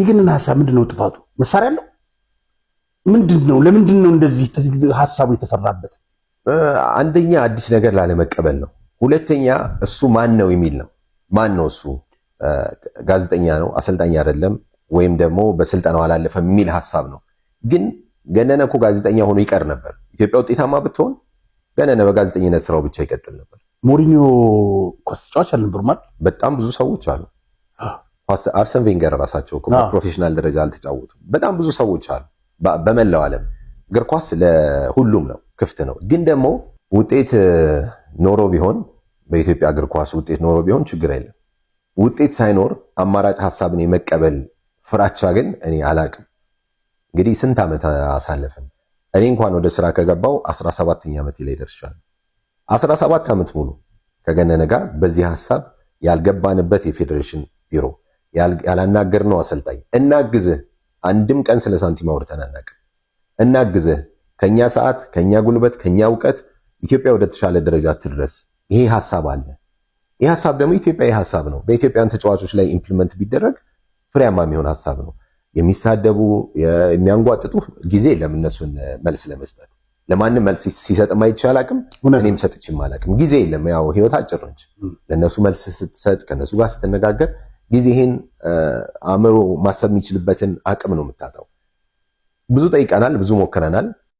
የገነነ ሀሳብ ምንድን ነው? ጥፋቱ መሳሪያ አለው? ምንድን ነው? ለምንድን ነው እንደዚህ ሀሳቡ የተፈራበት? አንደኛ አዲስ ነገር ላለመቀበል ነው። ሁለተኛ እሱ ማን ነው የሚል ነው። ማን ነው እሱ? ጋዜጠኛ ነው፣ አሰልጣኝ አይደለም፣ ወይም ደግሞ በስልጠናው አላለፈም የሚል ሀሳብ ነው። ግን ገነነ እኮ ጋዜጠኛ ሆኖ ይቀር ነበር። ኢትዮጵያ ውጤታማ ብትሆን ገነነ በጋዜጠኝነት ስራው ብቻ ይቀጥል ነበር። ሞሪኒዮ ኳስ ተጫዋች አልነበሩም? በጣም ብዙ ሰዎች አሉ። አርሰን ቬንገር ራሳቸው ፕሮፌሽናል ደረጃ አልተጫወቱም። በጣም ብዙ ሰዎች አሉ በመላው ዓለም። እግር ኳስ ለሁሉም ነው፣ ክፍት ነው። ግን ደግሞ ውጤት ኖሮ ቢሆን በኢትዮጵያ እግር ኳስ ውጤት ኖሮ ቢሆን ችግር የለም። ውጤት ሳይኖር አማራጭ ሀሳብን የመቀበል ፍራቻ ግን እኔ አላቅም። እንግዲህ ስንት ዓመት አሳለፍን። እኔ እንኳን ወደ ስራ ከገባው 17ኛ ዓመት ላይ ደርሻል። 17 ዓመት ሙሉ ከገነነ ጋር በዚህ ሀሳብ ያልገባንበት የፌዴሬሽን ቢሮ ያላናገር ነው አሰልጣኝ እናግዝህ። አንድም ቀን ስለ ሳንቲም አውርተን አናውቅም። እናግዝህ፣ ከኛ ሰዓት፣ ከኛ ጉልበት፣ ከኛ እውቀት ኢትዮጵያ ወደ ተሻለ ደረጃ ትድረስ። ይሄ ሀሳብ አለ። ይህ ሀሳብ ደግሞ ኢትዮጵያዊ ሀሳብ ነው። በኢትዮጵያን ተጫዋቾች ላይ ኢምፕሊመንት ቢደረግ ፍሬያማ የሚሆን ሀሳብ ነው። የሚሳደቡ የሚያንጓጥጡ ጊዜ የለም መልስ ለመስጠት ለማንም መልስ ሲሰጥ ማይቻል እኔም ሰጥችም አላቅም ጊዜ የለም። ያው ህይወት አጭር ነች። ለእነሱ መልስ ስትሰጥ ከእነሱ ጋር ስትነጋገር ጊዜህን አእምሮ ማሰብ የሚችልበትን አቅም ነው የምታጣው። ብዙ ጠይቀናል፣ ብዙ ሞክረናል።